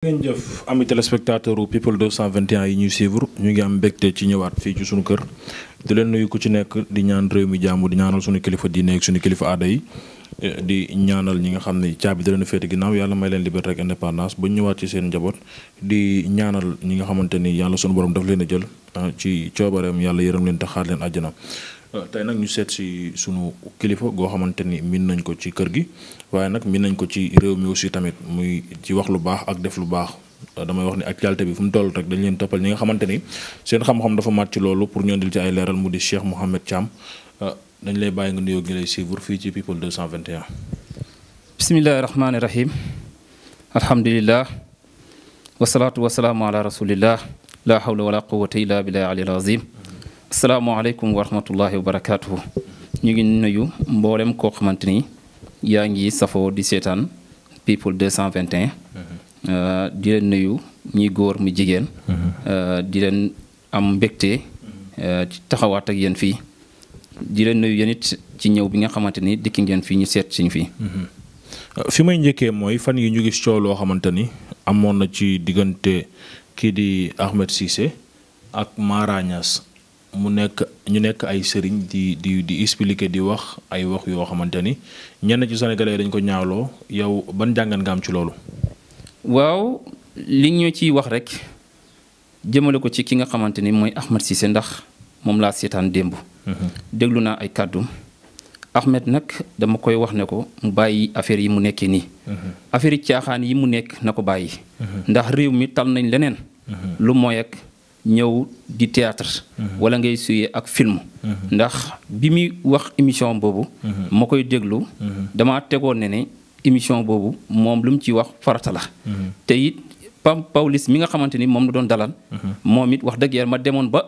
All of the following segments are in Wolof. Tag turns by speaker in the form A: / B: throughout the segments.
A: ngeen jëf ami téléspectateur u people 221 yi ñuy suivre ñu ngi am mbégte ci ñëwaat fii ci suñu kër di leen nuyu ku ci nekk di ñaan réew mi jàmm di ñaanal suñu kilifa diine ak suñu kilifa aada yi di ñaanal ñi nga xam ne caabi da leen féete ginnaaw yàlla may leen liberté ak indépendance ba ñëwaat ci seen njaboot di ñaanal ñi nga xamante ni yàlla suñu borom daf leen a jël ah, ci coobareem yàlla yërëm leen te xaar leen àjjana ah, tey nag ñu seet si sunu kilifa goo xamante ni miin nañ ko ci kër gi waaye nag mii nañ ko ci réew mi aussi tamit muy ci wax lu baax ak def lu baax euh, damay wax ni actualité bi fu mu toll rek dañu leen toppal ñi nga xamante ni seen xam dafa màcc loolu pour ñu andil ci ay mu di Cheikh Mouhamed Thiam euh, dañ lay bàyyi nga nuyoo gi lay suivre fii ci people 221. bismillahi rahmaani rahim alhamdulilah
B: wasalaatu wasalaamu ala rasulillah la hawla wala quwata illa billahi alil azim asalaamaaleykum wa rahmatullahi wa barakaatuhu ñu ngi nuyu mboolem koo xamante ni yaa ngi safoo di seetaan people 221. Mm-hmm. Euh, di leen nuyu ñi góor mu jigéen. Mm-hmm. Euh, di leen am mbégte. Mm-hmm. Euh, ci taxawaat ak yenn fii. di leen nuyu yéen it ci ñëw bi nga xamante ni dikki ngeen fii
A: ñu seet siñ fii. fi may njëkkee mooy fan yi ñu gis coow loo xamante ni amoon na ci diggante kii di Ahmed Cissé ak Mara mu nekk ñu nekk ay sëriñ di di di expliquer di wax ay wax yoo xamante ni ñenn ci sénégalais dañ ko ñaawloo yow ban jàngan nga am ci loolu. waaw
B: li ñoo ciy wax rek jëmale ko ci ki nga xamante ni mooy si Cissé ndax moom laa seetaan démb. Mhm. déglu naa ay kàddu Ahmed nag dama koy wax ne ko mu bàyyi affaire yi mu nekkee nii. Mhm. affaire yi caaxaan yi mu nekk na ko bàyyi. Mhm. ndax réew mi tal nañ leneen. lu mooy ñëw di théâtre mhm. wala ngay suyee ak film mhm. ndax bi muy wax émission boobu mhm. ma koy déglu dama tegoon ne ne émission boobu moom lu mu ci wax farata la te it pam Pawlish mi nga xamante ni moom la doon dalal moom it wax dëgg yàlla ma demoon ba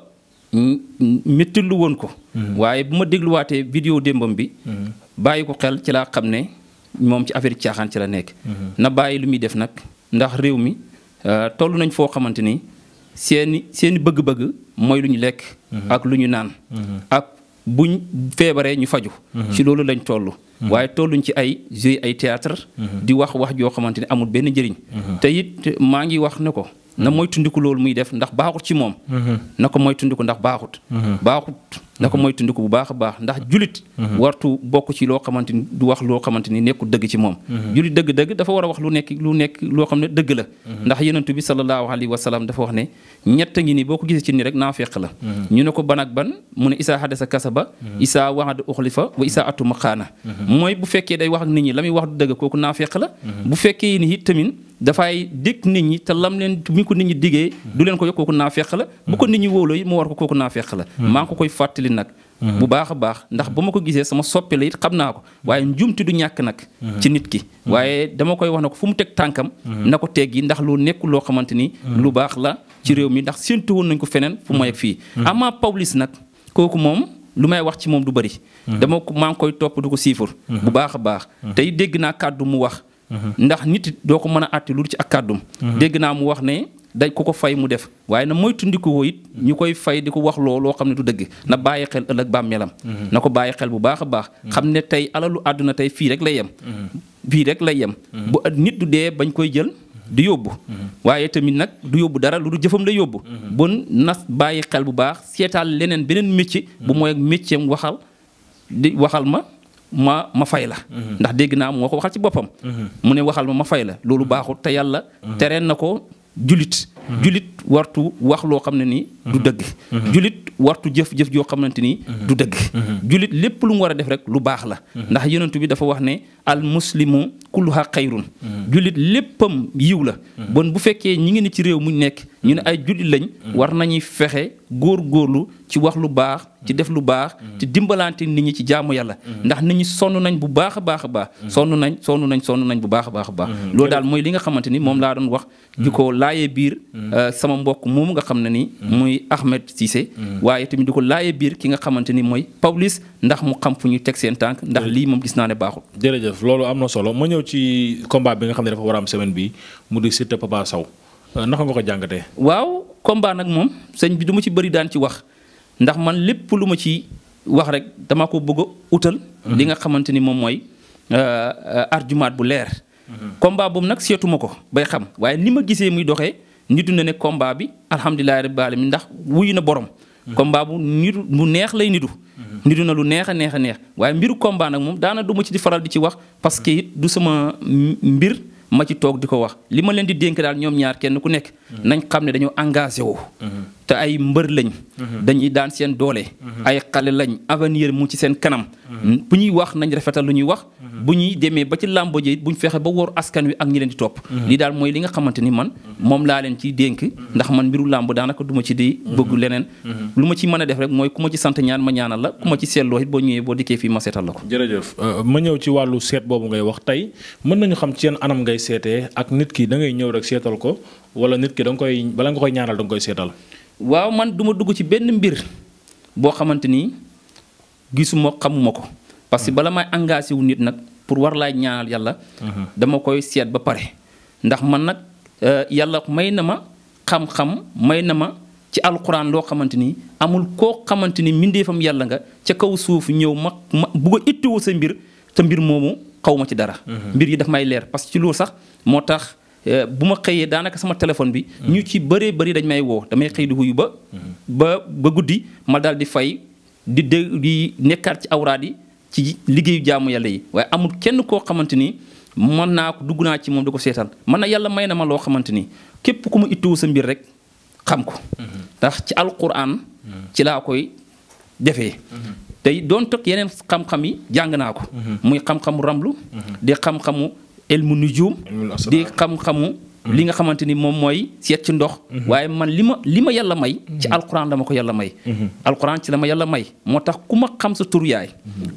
B: méttilu woon ko waaye bu ma dégluwaatee vidéo démbam bi bàyyi ko xel ci laa xam ne moom ci affaire caaxaan ci la nekk na bàyyi lu muy def nag ndax réew mi euh, toll nañ foo xamante seeni seeni bëgg-bëgg mooy lu ñu lekk. Mhm. ak lu ñu naan. Mhm. ak buñ feebaree ñu faju mhm. ci loolu lañ toll. waaye tolluñ ci ay jeu ay théâtre di wax wax joo xamante ne amul benn njëriñ. te maa ngi wax ne ko. na moytundiku loolu muy def ndax baaxut ci moom. Mhm. na ko moytundiku ndax baaxut. Mhm. baaxut na ko mhm. moytundiku bu baax a baax ndax julit. wartu bokk ci loo xamante ni du wax loo xamante ni nekkul dëgg ci moom. julit dëgg-dëgg dafa war a wax lu nekk lu nekk loo xam ne dëgg la. ndax yenentu bi sallallahu alayhi wa sallam dafa wax ne ñett ngi nii boo ko gisee ci nii rek naafeq la. ñu ne ko ban ak ban mu ne Isaa a kasaba. Isaa waxada uxlifa wa Isaa atuma xaana. mooy bu fekkee day wax ak nit ñi la muy wax du dëgg kooku naafeq la. bu fekkee ni it tamit dafay dégg nit ñi bu ko nit ñi diggee du leen ko yokk kooku naa ba ma ko gisee sama soppe la it xam naa ko waaye njumti du ñàkk nag ci nit ki waaye dama koy wax na ko fu mu teg tànkam na ko teggi ndax loo nekkul loo xamante ni lu baax la ci réew mi ndax séentu woon nañ ko feneen fu ma yegg fii amaa Pawlish nag kooku moom lu may wax ci moom du bëri dama ko maa koy topp du ko siifur bu baax a baax tey dégg naa kàddu mu wax ndax nit doo ko mën a àtte lu ci ak kàddum mhm. dégg naa mu wax ne day ku ko fay mu def waaye na moytandiku ko it mhm. ñu koy fay di ko wax loo loo xam ne du dëgg na bàyyi xel ëllëg ba mhm. na ko bàyyi xel bu baax a baax xam ne tey alalu àdduna tey fii rek lay yem fii rek lay yem bu nit du dee bañ koy jël du yóbbu waaye tamit nag du yóbbu dara lu du jëfam la yóbbu bon nas bàyyi xel bu baax seetaal leneen beneen métier bu mooy ak métier am waxal di waxal ma ma ma fay la. Mhm. ndax dégg naa moo ko waxal ci boppam. Mhm. mu ne waxal ma ma fay la loolu baaxul te yàlla mhm. tereen na ko julit julit wartu wax loo xam ne ni du mhm. dëgg mhm. julit wartu jëf-jëf joo xamante ni mhm. du dëgg julit lépp lu mu war a def rek lu baax la ndax yonentu bi dafa wax ne al muslimu kulluha xayrun julit léppam yiw la bon bu fekkee ñi ngi ne ci réew mu nekk ñu ne ay julit lañ war nañuy fexe góor góorlu ci wax lu baax ci def lu baax ci dimbalante nit ñi ci jaamu yàlla ndax nit ñi sonn nañ bu baax a baax a baax sonn nañ sonn nañ sonn nañ bu baax baax a baax loolu daal mooy li nga xamante moom laa doon wax di laayee biir Euh, sama mbokk moomu nga xam ne nii. Mm. muy Ahmed Cissé. Mm. waaye tamit di ko laajee biir ki nga xamante
A: ni mooy Pawlish
B: ndax mu xam fu ñu teg seen tànk ndax lii moom gis naa ne baaxul.
A: jërëjëf loolu am na solo ma ñëw ci combat bi nga xam ne dafa war a am semaine bi mu di Siteu Papa saw euh, naka nga ko jàngatee. waaw combat nag moom sëñ bi du ci bëri daan ci wax ndax
B: man lépp lu ma ci wax rek dama ko bëgg a utal. Mm-hmm. li nga xamante ni moom mooy euh, argument bu leer. Mm-hmm. combat boobu nag seetuma ko bay xam waaye ni ma gisee muy doxee. ñu dund ne combat bi alhamdulilah rabbil alamin ndax wuyu na borom. combat bu nitu bu neex lay nitu. nitu na lu neex a neex a neex waaye mbiru combat nag moom daana du ma ci di faral di ci wax parce que it du sama mbir ma ci toog di ko wax li ma leen di dénk daal ñoom ñaar kenn ku nekk. nañ xam ne dañoo engagé wu. te ay mbër lañ. dañuy daan seen doole. ay xale lañ avenir mu ci seen kanam. bu ñuy wax nañ rafetal lu ñuy wax. bu ñuy demee ba ci làmbo ji bu ñu fexe ba wóor askan wi ak ñi leen di topp. lii daal mooy li nga xamante ni man moom laa ciy dénk. ndax man mbiru làmb daanaka du ma ci di bëgg leneen. lu ma ci mën a def rek mooy ku ma ci sant ñaan ma ñaanal la ma ci seetloo boo ñëwee boo fii ma seetal la ko.
A: jërëjëf euh, ma ñëw ci wàllu seet boobu ngay wax tey mën nañu xam ci seen anam ngay seetee ak nit ki dangay ñëw rek seetal ko wala nit ki da nga koy bala nga koy ñaanal da koy seetal. waaw man du ma dugg ci benn mbir
B: boo xamante ni gisuma xamuma ko. parce que hmm. bala may engagé wu nit nag pour war laa ñaanal yàlla. Hmm. dama koy seet ba pare. ndax man nag euh, yàlla may na ma xam-xam may na ma ci alquran loo xamante ni amul koo xamante ni mbindeefam yàlla nga ca kaw suuf ñëw ma ma bugg a sa mbir te mbir moomu xaw ma ci dara. Hmm. mbir yi daf may leer parce ci loolu sax Euh, bu ma xëyee daanaka sama téléphone bi. ñu ci bëree bëri dañ may woo damay xëy di wuyu ba. ba ba guddi ma daal di fay di dë di nekkaat ci awraad yi ci liggéeyu jàmm yàlla yi waaye amul kenn koo xamante ni mën naa ko dugg naa ci moom di ko seetaan man na yàlla may na ma loo xamante ni képp ku ma ittuwu sa mbir rek xam ko. ndax ci alquran ci laa koy defee. te doon toog yeneen xam-xam yi jàng naa ko. Mhm. muy xam-xamu ramlu. Mhm. di xam-xamu ilmu nujum di xam-xamu mm-hmm. li nga xamante ni moom mooy seet ci ndox mm-hmm. waaye man li ma li ma yàlla may ci mm-hmm. alquran dama ko yàlla may alquran ci la ma yàlla may moo tax ku ma xam sa tur yaay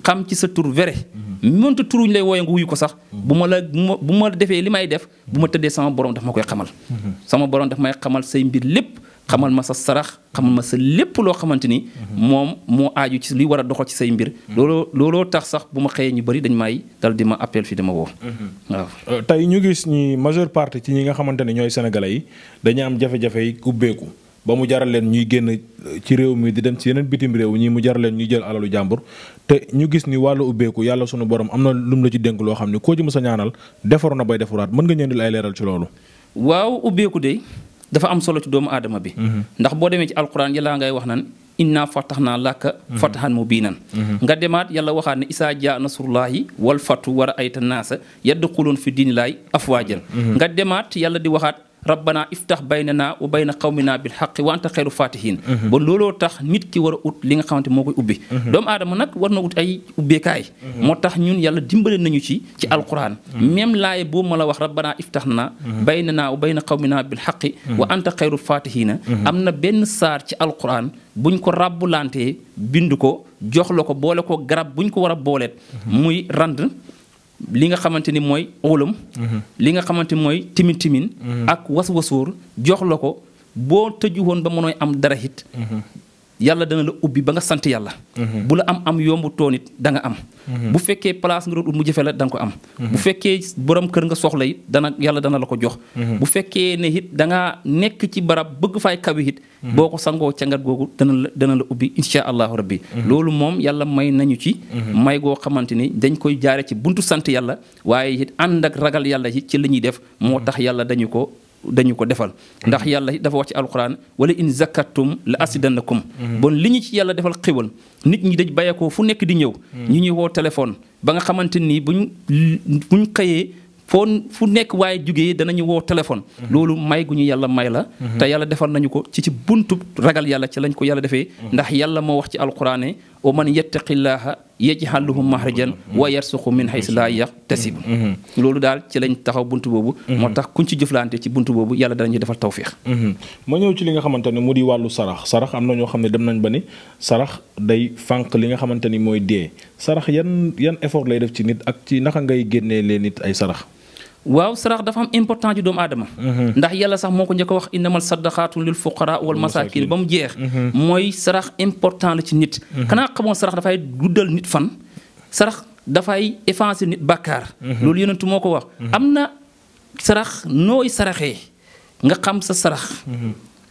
B: xam ci sa tur wére mënta turuñ lay wooye nga wuyu ko sax bu ma la bu ma defee li may def bu ma tëddee sama borom daf ma koy xamal sama borom daf may xamal say mbir lépp xamal ma sa sarax xamal ma sa lépp loo xamante ni moom moo aaju ci li war a doxal ci say mbir looloo looloo tax sax bu ma xëyee ñu bëri dañ may dal di ma appel fi dama woo waaw
A: euh, tey ñu gis ñi majeure partie ci ñi nga xamante ne ñooy sénégalais yi dañu am jafe-jafe yi ubbeeku ba mu jaral leen ñuy génn euh, ci réew mi di dem ci yeneen bitim réew ñi mu jaral leen ñu jël alalu jàmbur te ñu gis ni wàllu ubbeeku yàlla sunu borom am na lum la ci dénk loo xam ne koo ci mës a ñaanal defaroon na bay defaraat mën nga ñëndil ay leeral ci loolu
B: dafa am solo ci doomu aadama bi mm-hmm. ndax boo demee ci alquran yàlla ngay wax nan inna fatahnaa laka mm-hmm. fatahan mubiinan mm-hmm. nga demaat yàlla waxaat ne isaa jaa nasrullahi wal fatu wa ra'ayta naasa yadxuluun fi diinillaahi afwaajan nga demaat yàlla di waxaat rabbana iftax baynana wa bayna qawmina bil xaqi wa anta xayru fatihin ba looloo tax nit ki war a ut li nga xamante moo koy ubbi mhm. doomu aadama nag war na ut ay ubbeekaay mhm. moo tax ñun yàlla dimbali nañu ci ci mhm. alquran même laaye boo ma la wax rabbana iftax na baynana wa bayna naa bil xaq wa anta xayru fatihina am na benn saar ci alquran buñ ko ràbbulantee bind ko joxla ko boole ko garab buñ ko war a booleet muy rand li nga xamante ni mooy óolam mhm. li nga xamante mooy timin timin mhm. ak was wasóor jox la ko boo tëju woon ba mënooy am dara it mhm. yàlla dana la ubbi ba nga sant yàlla. Mhm. bu la am am yombu toon it da nga am. Mhm. bu fekkee place nga da nga ko am. Mhm. bu fekkee borom kër nga soxla it dana yàlla dana la ko jox. bu fekkee ne it da ngaa nekk ci barab bëgg faay kawi it. boo ko sangoo cangat googu dana la dana la ubbi insha allahu rabbi. loolu moom yàlla may nañu ci. may goo xamante ni dañ koy jaare ci buntu sant yàlla waaye it ànd ak ragal yàlla it ci li ñuy def moo tax yàlla dañu ko. dañu ko defal ndax yàlla dafa wax ci alquran wala in zakattum la asidannakum mm-hmm. bon li ñu ci yàlla defal xiwal nit ñi dañ bàyyeekoo fu nekk di ñëw mm-hmm. ñu ñuy woo téléphone ba nga xamante nii buñ buñ xëyee foo fu nekk waaye jógee danañu woo téléphone mm-hmm. loolu may gu ñu yàlla may la te yàlla defal nañu ko ci ci buntu ragal yàlla ci lañ ko yàlla defee ndax yàlla moo wax ci alquran wa man yattaqillaaha yaj'al lahu mahrajan wa yarsuqu min haysu laa
A: yaxtasib mm-hmm. mm-hmm. loolu daal ci lañ taxaw bunt boobu mm-hmm. moo tax kuñ ci jëflante ci bunt boobu yàlla danañu defal tawfiix ma ñëw ci li nga xamante ne mu di wàllu sarax sarax am na ñoo xam ne dem nañ ba ni sarax day fànq li nga xamante ni mooy dee sarax yan yan effort lay def ci nit ak ci naka ngay génnee leen nit ay sarax waaw sarax dafa am important ci doomu aadama mhm. ndax yàlla sax
B: moo ko njëkk a wax innamal saddaqaatu lil fuqara wal masaakin ba mu jeex mhm. Mhm. mooy sarax important la ci nit xanaa xamoon sarax dafay guddal nit fan sarax dafay effacer nit bàkkaar loolu yonentu moo ko wax am na sarax nooy saraxee nga xam sa sarax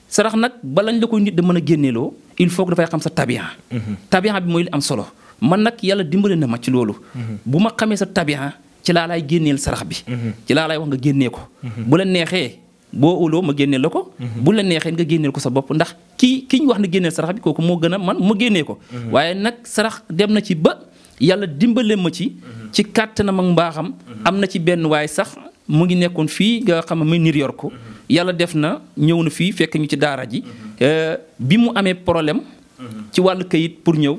B: sarax nag balañ la koy nit da mën a génneeloo il faut que dafay xam sa tabian tabian bi mooy li am solo man nag yàlla dimbale na ma ci loolu bu ma xamee sa tabian ci laa laay génneel sarax bi. Mhm. ci laa laay wax nga génnee ko. Mhm. bu la neexee boo uloo ma génneel la ko. Mhm. bu la neexee nga génneel ko sa bopp ndax ki ki ñu wax ne génneel sarax bi kooku moo gën a man ma génnee ko. waaye nag sarax dem na ci ba yàlla dimbale ma ci. ci kàttanam mag mbaaxam. am na ci benn waaye sax mu ngi nekkoon fii nga xam ne New York ko yàlla def na ñëw na fii fekk ñu ci daara ji. Euh, bi mu amee problème. ci wàll kayit pour ñëw.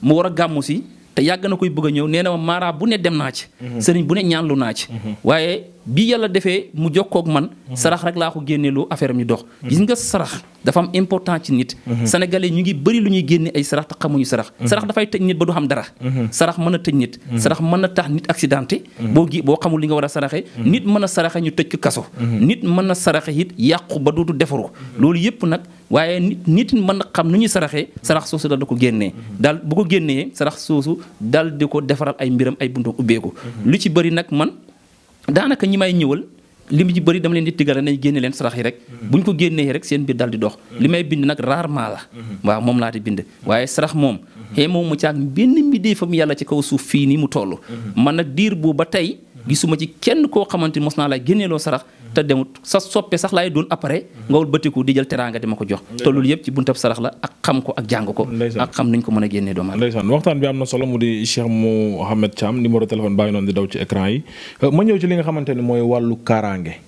B: mu war a gàmmu si. te yàgg na koy bëgg a ñëw nee na ma maara bu ne dem naa ci mhm. sëriñ bu ne ñaanlu naa ci mhm. waaye bi yàlla defee mu jokkoog man mhm. sarax rek laa ko génneelu affaire am ñu dox gis nga sarax dafa am important ci nit sénégalais ñu ngi bëri lu ñuy génne ay sarax te xamuñu sarax sarax dafay tëj nit ba du xam dara sarax mën a tëj nit sarax mën a tax nit accidenté boo xamul li nga war a saraxe nit mën a saraxe ñu tëj ko kaso nit mën a saraxe it yàqu ba dootu defaru loolu yépp nag waaye nit nit mën xam nu ñuy saraxee sarax soosu dal di ko génnee daal bu ko génnee sarax soosu dal ko defaral ay mbiram ay buntam ubbeeku mhm. lu ci bari nag man daanaka ñi may ñëwal li mu ci bari dama leen di tigal nañ génne leen sarax yi rek mhm. buñ ko génnee rek seen biir dal di dox mhm. li may bind nag rarement la waaw moom laa di bind waaye sarax moom xëy moom mu caag benn mbindeefam yàlla ci kaw suuf fii nii mu toll man nag diir boobu ba tey gisuma ci kenn koo xamante mos naa la loo sarax te demut sa soppe sax laay doon après nga wul bëtiku di jël teraanga di ma ko jox te yëpp ci buntab sarax la ak xam ko ak jàng ko ak
A: xam nuñ ko mën a génnee doomu ndeysaan waxtaan bi am na solo mu di Cheikh Mouhamed Thiam numéro téléphone baa ngi noonu di daw euh, xamante ne mooy wàllu kaaraange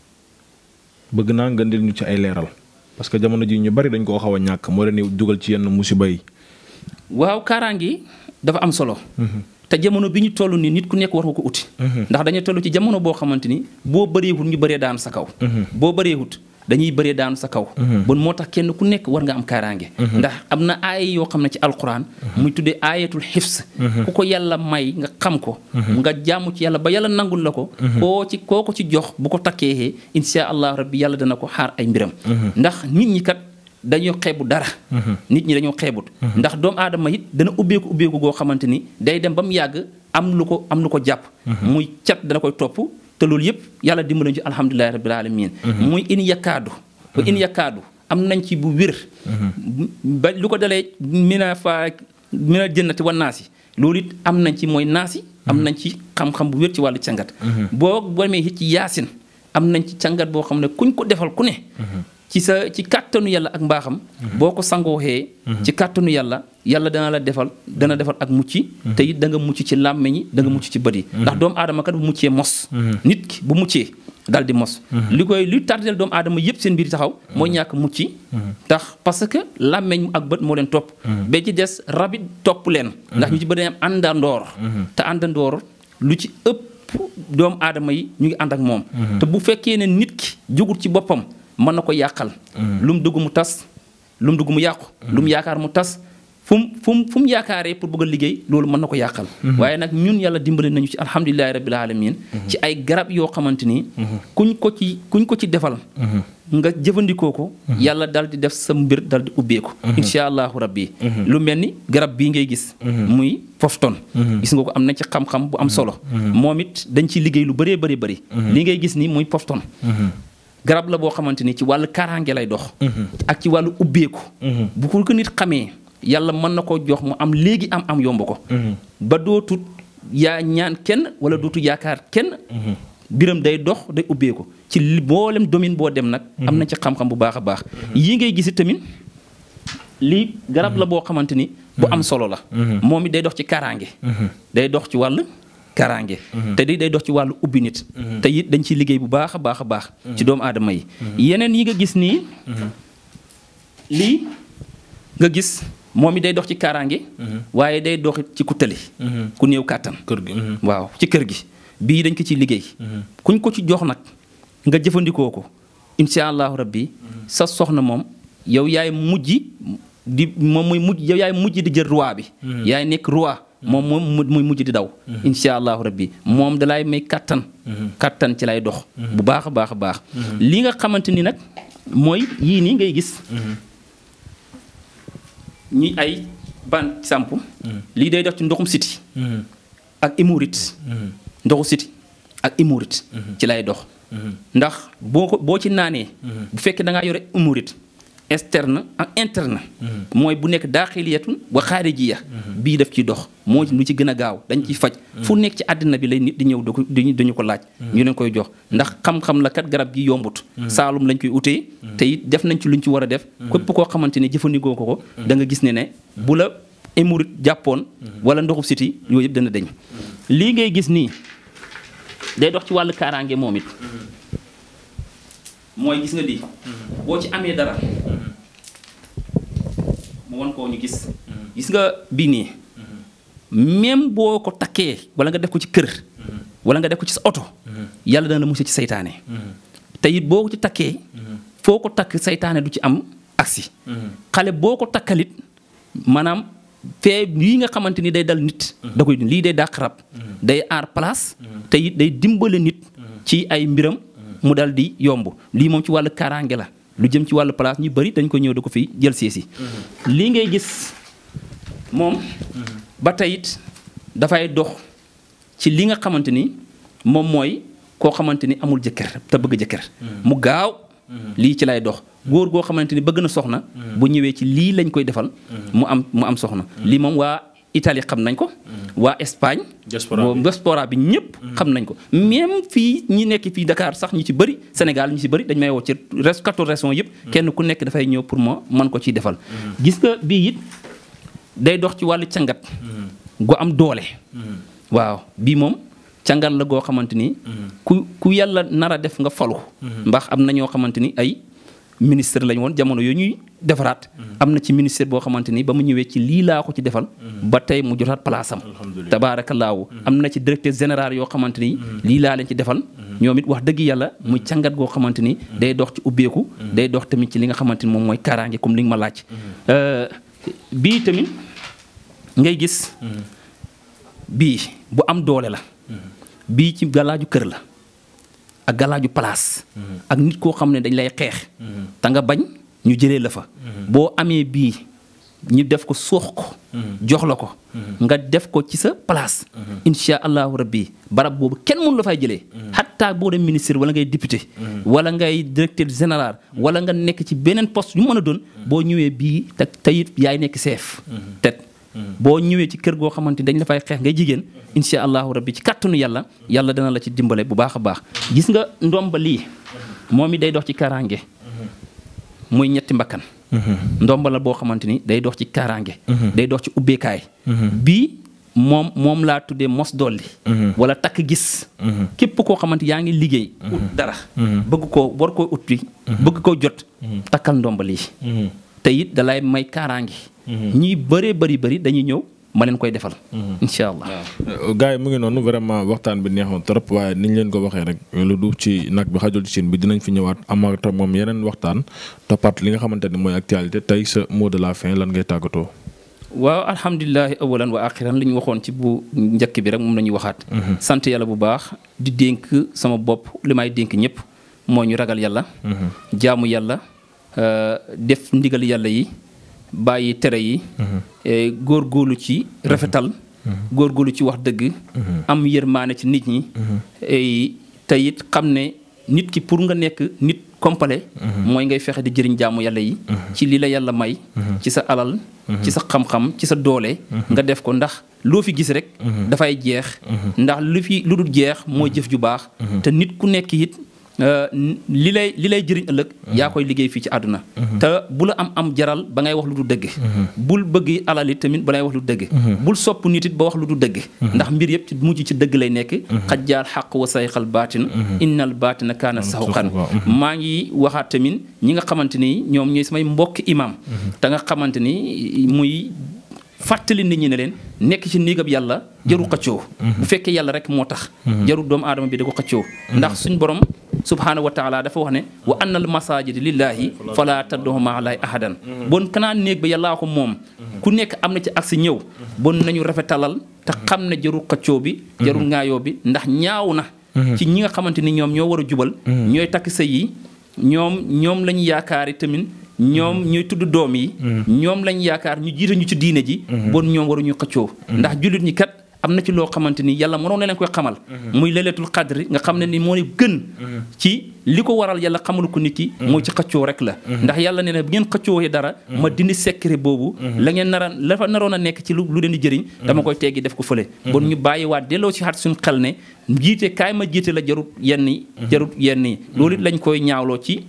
A: bëgg naa nga ndil ñu ci ay leeral parce que jamono ji ñu bari dañ koo xaw a ñàkk moo leen dugal ci yenn musiba yi waaw kaaraange dafa am solo mm-hmm. te jamono bi ñu toll nii nit ku nekk war ko ko uti.
C: Mhm.
B: ndax dañu toll ci jamono boo xamante ni boo bëreewut ñu bëree daan sa kaw. Mhm. boo bëreewut dañuy bëree daanu sa kaw. Mhm. bon moo tax kenn ku nekk war nga am kaaraange. ndax am na aaya yoo xam ne ci alquran. muy tuddee aayatul xifs. ku ko yàlla may nga xam ko. nga jàmm ci yàlla ba yàlla nangul la ko. koo ci kooko ci jox bu ko takkee insha allah rabbi yàlla dana ko xaar ay mbiram. ndax nit ñi kat. dañoo xeebu dara. Mm-hmm. nit ñi dañoo xeebut. Mm-hmm. ndax doomu aadama it dana ubbeeku ubbeeku goo xamante ni day dem ba mu yàgg am lu ko am lu ko jàpp. Mm-hmm. muy cat dana koy topp te loolu yëpp yàlla dimbali ci alhamdulilahi rabbil alamin muy in yakkaadu. ba in yakkaadu am nañ ci bu wér. ba lu ko dalee mina fa mina jënnati wa naasi loolu it am nañ ci mooy naasi. am nañ ci xam bu wér ci wàllu cangat. boo demee it ci yaasin am nañ ci cangat boo xam ne kuñ ko defal ku ne. ci sa ci kàttanu yàlla ak mbaaxam mhm. boo ko sangooxee mhm. ci kàttanu yàlla yàlla dana la defal dana defal ak mucc mhm. te it danga mucc ci làmmeñ yi da mucc ci bët yi ndax doomu aadama kat bu muccee mos nit ki bu muccee dal di mos li koy li tardeel doomu aadama yëpp seen mbir taxaw mooy ñàkk mucc tax parce que làmmeñ ak bët moo leen topp ba ci des rabit topp leen ndax ñu ci bëri am
C: àndandoor
B: lu ci ëpp doomu aadama yi ñu ngi ànd ak moom te bu fekkee ne nit ki jógut ci boppam mën na ko yàqal. Mm. lu mu dugg mu tas lu mu dugg mu yàqu. Mm. lu yaakaar mu tas fu mu fu mu fu mu yaakaaree pour bëgg a liggéey loolu mën na ko yàqal. Mm-hmm. waaye nag ñun yàlla dimbali nañu ci alhamdulilahi rabbil alamin mm-hmm. ci ay garab yoo xamante ni. Mm-hmm. kuñ ko ci kuñ ko ci defal. nga jëfandikoo ko. yàlla dal di def sa mbir dal di ubbeeku. incha allahu rabbi lu mel ni garab bii ngay gis. muy pofton. gis nga ko am na ci xam-xam bu am solo. moom it dañ ci liggéey lu bëree bëri bëri. li ngay gis muy pofton. garab la boo xamante ni ci wàllu kaaraange lay dox. ak ci wàllu ubbeeku. bu ko ko nit xamee yàlla mën na ko jox mu am léegi am am yomb ko. ba dootut yaa ñaan kenn wala dootut yaakaar kenn. biram day dox day ubbeeku ci mboolem domaine boo dem nag. am na ci xam-xam bu baax a baax. yii ngay gisi tamit lii garab la boo xamante ni bu am solo la. moom it day dox ci kaaraange. day dox ci wàll. karange mhm. te di day dox ci wàllu ubbi nit mhm. te it dañ ciy liggéey bu baax a baax a baax ci mhm. doomu aadama yi yeneen yi nga gis nii lii nga gis moom it day dox ci kaaraange waaye day dox ci ku ku néew kàttan kër waaw ci kër gi bii dañ ko ciy liggéey kuñ ko ci jox nag nga jëfandikoo ko incha allahu rabbi sa soxna moom yow yaay mujj di moom muy mujj yow yaay mujj di jël roi bi. Hmm. yaay nekk roi. Hmm. moom moom muy mujj di daw. Hmm. incha allahu rabbi moom dalaay may kàttan kattan ci lay dox. bu baax a baax a baax. li nga xamante ni nag mooy yii nii ngay gis. ñi ay ban samp. lii day dox ci ndoxum siti. ak imurit. ndoxu siti ak imurit. ci lay dox. ndax boo ko boo ci naanee. bu fekkee da ngaa yore imurit. externe ak ah, interne mm-hmm. mooy bu nekk daaxiliyatun wa xaarijiya mm-hmm. bii daf ciy dox moo lu ci gën a gaaw dañ ciy faj mm-hmm. fu nekk ci àddina bi lay nit di ñëw di dañu ko laaj ñu ne koy jox ndax xam-xam la kat garab gi yombut saalum lañ koy utee te def nañ ci luñ ci war a def képp koo xamante ne jëfandikoo ko ko da gis ne ne bu la émurit jàppoon wala ndoxu siti yooyu yëpp dana deñ lii ngay gis nii day dox ci wàll kaaraange moom it mooy gis nga lii boo ci amee dara won ko ñu gis. Mm-hmm. gis nga bii nii. Mm-hmm. même boo ko takkee wala nga def ko ci kër. Mm-hmm. wala nga def ko ci sa oto. yàlla dana la musal ci saytaane. te it boo ko ci takkee. foo ko takk saytaane du ci am aksi xale boo ko takkalit maanaam fee lii nga xamante ni day dal nit. da koy lii day dàq rab. day aar place. te it day dimbale nit. ci ay mbiram mu dal di yomb lii moom ci wàllu kaaraange la. lu jëm ci wàllu place ñu bëri dañ ko ñëw da ko fi jël seesi mhm. lii ngay gis moom mhm. ba tey dafay dox ci li nga xamante ni moom mooy koo xamante ni amul jëkkër te bëgg jëkkër mhm. mu gaaw lii ci lay dox góor goo xamante ni bëgg na soxna bu ñëwee ci lii lañ koy defal mu am mu am soxna lii moom waa Italie xam nañ ko. Mm. waa Espagne. diaspora bi ñëpp. Mm. xam nañ ko même fii ñi nekk fii Dakar sax ñu ci bëri Sénégal ñu ci bëri dañ may woo ci res 14 régions yëpp. Mm. kenn ku nekk dafay ñëw pour ma mën ko ciy defal. gis nga bii it day dox ci wàllu càngat. gu am doole. waaw bii moom càngat la goo xamante ni. ku ku yàlla nar a def nga falu. ndax am na ñoo xamante ni ay. ministre lañ woon jamono yooyu ñuy defaraat. Mm-hmm. am na ci ministère boo xamante ni ba mu ñëwee ci lii laa ko ci defal. Mm-hmm. ba tey mu jotaat place am. tabaarakallaahu mm-hmm. am na ci directeur général yoo xamante ni. lii laa leen ci defal. ñoom it wax dëgg yàlla muy càngat goo xamante ni. day dox ci ubbeeku. day dox tamit ci li nga xamante ni moom mooy kaaraange comme li nga ma laaj. Euh, bii tamit ngay gis. bii bu am doole la. bii ci galaaju kër la. ak galaaju place. Mm-hmm. ak nit koo xam ne dañ lay xeex. Mm-hmm. te nga bañ ñu jëlee la fa. Mm-hmm. boo amee bii ñu def ko suux ko. jox la ko. nga def ko ci sa place. incha allahu rabbi barab boobu kenn mënu la fay jëlee. xataa boo dem ministre wala ngay député. wala ngay directeur général. wala nga nekk ci beneen poste yu mën a doon. boo ñëwee bii te tayit yaay nekk chef. Mm-hmm. boo ñëwee ci kër goo xamante dañ la fay xeex nga jigéen mm-hmm. incha allahu rabbi ci kàttanu yàlla yàlla dana la ci dimbale bu baax a baax gis nga ndomba lii mm-hmm. moom it day dox ci kaaraange ñetti mbakkan ndomba la boo xamante ni day dox ci kaaraange day dox ci ubbeekaay bii moom moom laa tuddee mos dolli wala takk gis képp koo xamante yaa ngi liggéey ut dara bëgg koo war koo ut bëgg koo jot
A: takkal ndomba lii te it da lay may kaaraangi mhm. ñi bëree bëri bëri dañuy ñëw ma leen koy defal. Mhm. incha allah waaw. Euh, yi mu ngi noonu vraiment waxtaan bi neexoon trop waaye ñu leen ko waxee rek lu du ci nag bi xajul ci siin bi dinañ fi ñëwaat amaat moom yeneen waxtaan toppaat li nga xamante ni mooy actualité tey sa mot de la fin lan ngay tàggatoo.
B: waaw alhamdulilah awalan wa axiran li ñu waxoon ci bu njëkk bi rek moom la ñuy waxaat. Mhm. sant yàlla bu baax di dénk sama bopp li may dénk ñëpp moo ñu ragal yàlla. jaamu yàlla. Euh, def ndigal yàlla yi bàyyi tere yi góor mhm. eh, góorgóorlu ci rafetal góor mhm. mhm. góorgóorlu ci wax dëgg am yërmaane ci nit ñi eh, te xam ne nit ki pour nga nekk nit complet mooy ngay fexe di jëriñ jaamu yàlla yi ci lii la yàlla may ci sa alal ci sa xam-xam ci sa doole nga def ko ndax loo fi gis rek dafay jeex ndax lu fi lu dul jeex mooy jëf ju baax te nit ku nekk it Euh, li lay li lay jëriñ ëllëg yaa koy liggéey fii ci àdduna te bu la am am jaral ba ngay wax lu du dëgg bul bëgg alali tamit ba ngay wax lu dëgg bul sopp nit it ba wax lu du dëgg ndax mbir yëpp ci mujj ci dëgg lay nekk xajjaal xaq wa sayxal baatin innal baatina kaana saxuqan maa ngi waxaat tamit ñi nga xamante ni ñoom ñooy samay mbokki imam te nga xamante ni muy fàttali nit ñi ne leen nekk ci néegab yàlla jaru xëccoo bu fekkee yàlla rek moo tax jaru doomu aadama bi da ndax suñ subhanahu wa taala dafa wax ne wa anna al masajida lillahi fala tad'u ma'a llahi ahadan bon kanaan néeg ba yàllaa ko moom ku nekk am na ci agsi ñëw bon nañu rafetalal te xam ne jarul xëccoo bi jarul ngaayoo bi ndax ñaaw na ci ñi nga xamante ni ñoom ñoo war a jubal ñooy takk sëy yi ñoom ñoom lañu yaakaari tamit ñoom ñooy tudd doom yi ñoom lañ yaakaar ñu jiite ci diine ji bon ñoom waruñu xëccoo ndax jullit ñi kat am na ci loo xamante ni yàlla mënoon na leen koy xamal. Mhm. muy leleetul xadri nga xam ne ni moo gën. Mhm. ci li ko waral yàlla xamalu ko nit ki. Mhm. mooy ci xëccoo rek la. ndax yàlla nee na bu ngeen xëccoo dara. ma dindi secret boobu. la ngeen nara la fa naroon a nekk ci lu lu leen di jëriñ. dama koy teggi def ko fële. bon ñu bàyyiwaat delloo si xat suñu xel ne jiite kaay ma jiite la jarut yenn yi. jarut yenn yi loolu lañ koy ñaawloo ci.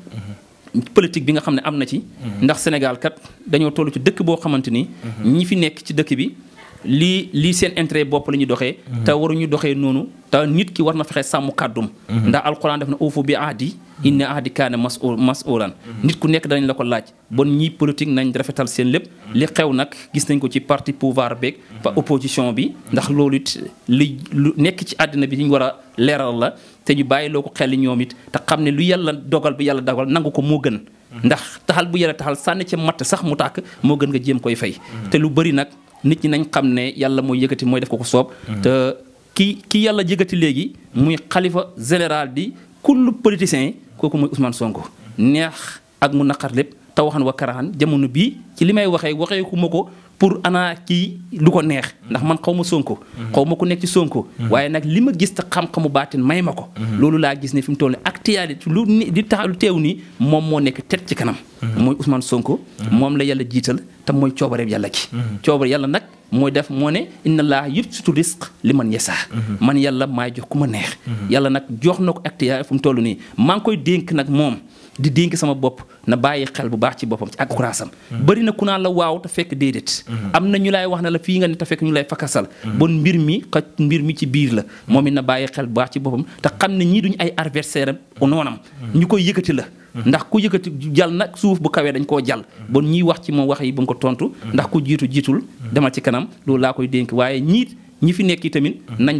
B: politique bi nga xam ne am na ci. ndax Sénégal kat dañoo toll ci dëkk boo xamante ni. ñi fi nekk ci dëkk bi. lii lii seen intérêt bopp la ñu doxee. Mhm. te ñu doxee noonu te nit ki war na fexe sàmm kàddum. Mhm. ndax alxuraan def na oofu bi ahdi. inna ahdi kaane mas'ul mas'ulan mhm. nit ku nekk danañ la ko laaj. bon ñi politique nañ rafetal seen lépp. li xew nag gis nañ ko ci parti pouvoir beeg. pa opposition bi. ndax loolu it li lu nekk ci àddina bi li ñu war a leeral la te ñu bàyyi loo ko xel ñoom it te xam ne lu yàlla dogal bi yàlla dogal nangu ko moo gën. ndax taxal bu yàlla taxal sànni ca matt sax mu tàkk moo gën nga jéem koy fay. nit ñi nañ xam ne yàlla mooy yëkkati mooy def ko ko soob. Mhm. te ki ki yàlla yëkkati léegi muy xalifa général di kullu politicien kooku mooy usman Sonko mhm. neex ak mu naqar lépp te waxan wa karaan jamono bii ci li may waxee waxee ku ma ko pour ana kii lu ko neex ndax man xaw ma sonko mhm. xaw ma ku nekk ci sonko mhm. waaye nag li ma gis te xam-xamu baatin may ma ko mhm. loolu laa gis ne fi mu toll nii actualité lu di tax lu nii moom moo nekk tet ci kanam mooy Ousmane Sonko moom la yàlla jiital te mooy coobareeb yàlla ki coobare yàlla nag mooy def moo ne inna laa yubsitu risq li man yesaa man yàlla maay jox ku ma neex yàlla nag jox na ko actualité fu mu toll nii maa ngi koy dénk nag moom di dénk sama bopp na bàyyi xel bu baax ci boppam ci ak xuraasam bëri na ku naan la waaw te fekk déedéet mhm. am na ñu lay wax ne la fii nga ne te fekk ñu lay fakasal mhm. bon mbir mi ci biir la moom it na bàyyi xel bu baax ci boppam te xam ne ñii duñu ay adversaire am mhm. la ndax ku yëkkati jàll nag suuf bu kawee dañ koo jàll bon ñiy wax ci moom wax yi bu mu ko tontu ndax ku jiitu jiitul demal ci kanam loolu laa koy dénk waaye ñiit ñi fi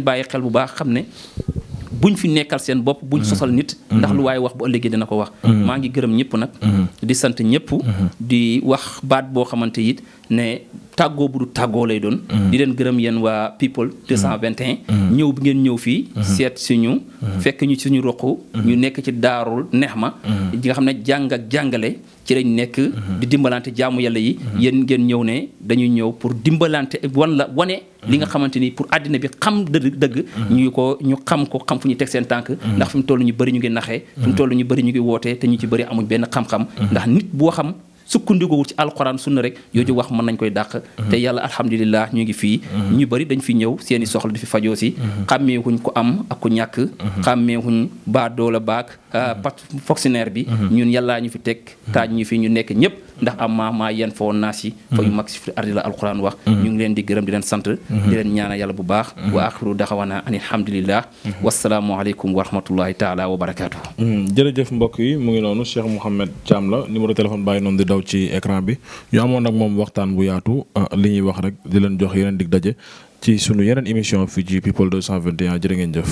B: bàyyi xel bu baax xam ne bu buñ fi nekkal seen bopp buñ mm-hmm. sosal nit mm-hmm. ndax lu waaye wax bu ëllëgee dina ko wax mm-hmm. maa ngi gërëm ñëpp nag di sant ñëpp di wax baat boo xamante it ne tàggoo bu du tàggoo lay doon di leen gërëm yéen waa people 221 ñëw bi ngeen ñëw fii seet suñu fekk ñu suñu roq ñu nekk ci daarul neex ma ji nga xam ne jàng ak jàngale ci lañ nekk. Mhm. di dimbalante jaamu yàlla yi. Mhm. yéen ngeen ñëw ne dañuy ñëw pour dimbalante wan la wane. Mhm. li nga xamante ni pour àddina bi xam dëgg dëgg. ñu ko ñu xam ko xam fu ñu teg seen tànk. ndax fi mu toll ñu bëri ñu ngi naxee. fi mu ñu bëri ñu ngi wootee te ñu ci bëri amuñ benn xam-xam. ndax nit boo xam sukkandikuwul ci alxuraan sunna rek yooju wax mën nañ koy dàq te yàlla alhamdulilah ñu ngi fii ñu bëri dañ fi ñëw seeni soxla di fi fajoo si xàmmeewuñ ko am ak ku ñàkk xàmmeewuñ baadoola baak ah, pat fonctionnaire bi ñun yàllaa ñu fi teg taaj ñu fi ñu nekk ñëpp ndax amma maa yen foo naas yi fa mm-hmm. yu mag si fi ardi la alquran wax mm-hmm. ñu ngi leen di gërëm di leen sant mm-hmm. di leen ñaanal yàlla bu baax wa axiru daxawana an alhamdulillah wasalaamu
A: aleykum wa rahmatullahi taala wa barakaatu jërëjëf mbokk yi mu ngi noonu Cheikh Mouhamed Thiam la numéro téléphone bàyyi noonu di daw ci écran bi ñu amoon ak moom waxtaan bu yaatu euh, li ñuy wax rek di leen jox yeneen dig daje ci sunu yeneen émission fii ci people 221 ngeen jëf